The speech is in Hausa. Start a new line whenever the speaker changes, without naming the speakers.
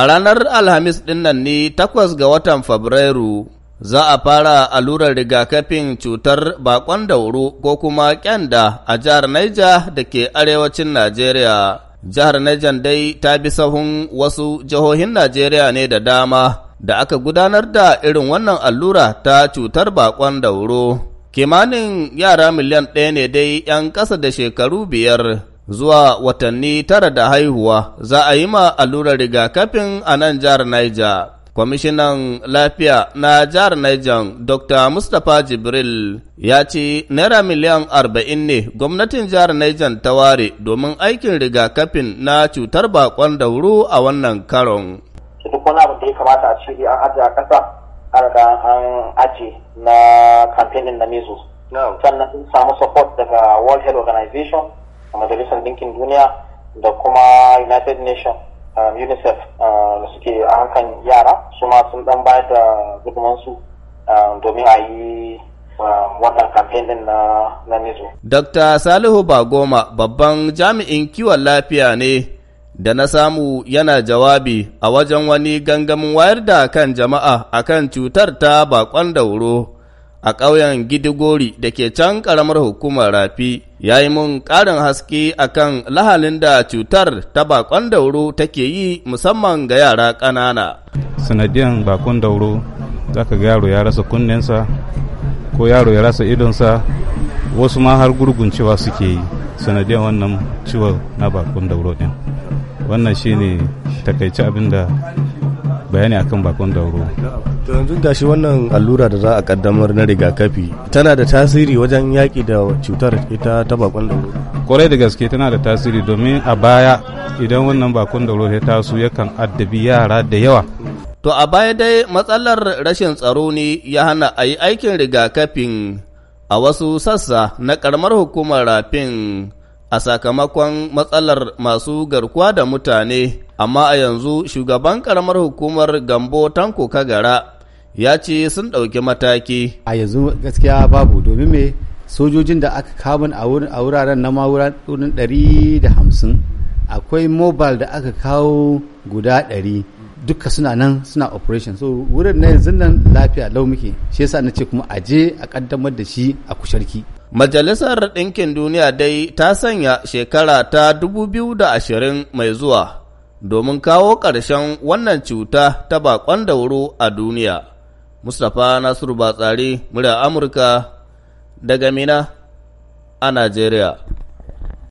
A ranar Alhamis ɗinnan ne takwas ga watan Fabrairu za a fara allurar rigakafin cutar bakon dauro ko kuma kyanda a jihar Niger da ke arewacin Najeriya. Jihar Niger dai ta bi sahun wasu jihohin Najeriya ne da dama da aka gudanar da irin wannan allura ta cutar bakon dauro. Kimanin yara miliyan ɗaya ne dai 'yan ƙasa da shekaru biyar. zuwa watanni tara da haihuwa za a yi ma allurar rigakafin a nan jihar Niger. Kwamishinan Lafiya na jihar Niger Dr. Mustapha Jibril ya ce Naira miliyan arba'in ne gwamnatin jihar Niger ta ware domin aikin rigakafin na cutar bakon dauro a wannan karon. Duk abu da ya kamata a an ajiye a ƙasa, an ga an ajiye na kamfanin na Sannan sun samu support daga World Health Organization majalisar ɗinkin duniya da kuma united nations um, unicef um, da suke a hankan yara su ma sun ɗan bayar da gudunmansu um, domin a yi wannan kamfen na nizo. Dr. Salihu Bagoma babban jami'in kiwon lafiya ne da na samu yana jawabi a wajen wani gangamin wayar da kan jama'a akan cutar ta bakon dauro a ƙauyen Gidigori da ke can ƙaramar hukumar Rafi ya yi mun ƙarin haske kan lahalin da cutar ta bakon dauro take yi musamman ga yara ƙanana.
Sanadiyan bakon dauro za ka ga yaro ya rasa kunnensa ko yaro ya rasa idonsa wasu ma har gurgun cewa suke yi sanadiyan wannan ciwon na bakon dauro din. Wannan shi ne takaici abin da bayani akan bakon dauro
to yanzu da shi wannan allura da za a kaddamar na rigakafi tana da tasiri wajen yaki da cutar ita ta bakon
dauro kwarai da gaske tana da tasiri domin a baya idan wannan bakon dauro ya taso yakan addabi yara da yawa to a baya dai matsalar rashin tsaro ne ya
hana a yi aikin rigakafin a wasu sassa na karamar hukumar rafin a sakamakon matsalar masu garkuwa da mutane, amma a yanzu shugaban karamar hukumar Gambo Tanko Kagara ya ce sun ɗauki
mataki. A yanzu gaskiya babu domin mai sojojin da aka kamun a wuraren na wurin ɗari da hamsin akwai mobile da aka kawo guda ɗari duka suna nan suna operation so wurin na yanzu nan lafiya lau muke shi yasa na ce kuma aje a ƙaddamar da shi a kusharki.
Majalisar Ɗinkin Duniya dai ta sanya shekara ta 2020 mai zuwa domin kawo ƙarshen wannan cuta ta bakon dauro a duniya. Mustapha Nasiru Batsari, murya Amurka, daga Mina a Najeriya.